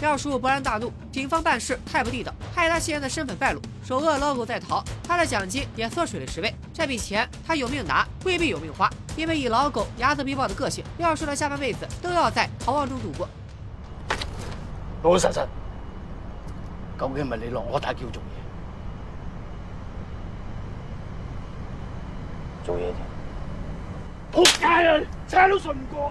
廖叔勃然大怒，警方辦事太不地道，害他現任的身份敗露，首 logo 在逃，他的獎金也縮水了十倍。這筆錢他有命拿，未必有命花，因為以老狗睚眦必報的個性，廖叔的下半輩子都要在逃亡中度過。羅閃閃，究竟咪你咯？我大叫做嘢，做嘢啫。撲街啊！車都順唔過。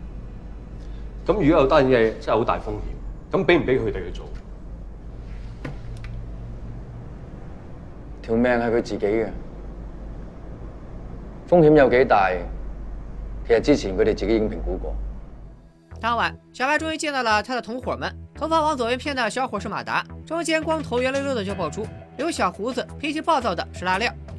咁如果有單嘢，真係好大風險。咁俾唔俾佢哋去做？條命係佢自己嘅，風險有幾大？其實之前佢哋自己已經評估過。當晚，小白終於見到了他的同伙們。頭髮往左邊偏的小伙是馬達，中間光頭圓溜溜的就爆珠，有小鬍子、脾氣暴躁的是拉料。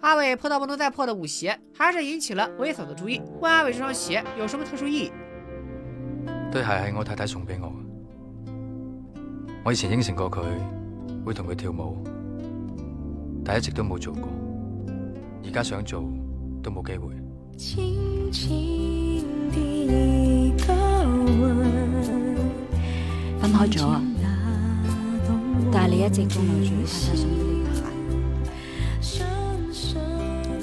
阿偉破到不能再破的舞鞋，還是引起了韋嫂的注意，問阿偉這雙鞋有什麼特殊意義。對鞋係我太太送俾我，我以前應承過佢會同佢跳舞，但一直都冇做過，而家想做都冇機會。分開咗啊？但係你一直都有注意。太太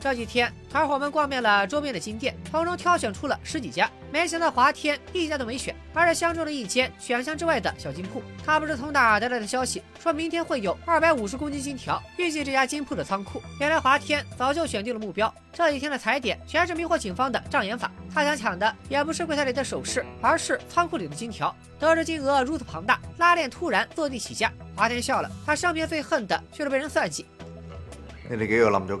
這幾天，團伙們逛遍了周邊的金店，從中挑選出了十幾家。沒想到華天一家都沒選，而是相中了一間選項之外的小金鋪。他不知從哪兒得來的消息，說明天會有二百五十公斤金條運進這家金鋪的倉庫。原來華天早就選定了目標。這幾天的踩點全是迷惑警方的障眼法。他想搶的也不是櫃檯裏的首飾，而是倉庫裏的金條。得知金額如此龐大，拉鏈突然坐地起價。華天笑了，他生平最恨的就是被人算計。你哋幾個冧咗佢，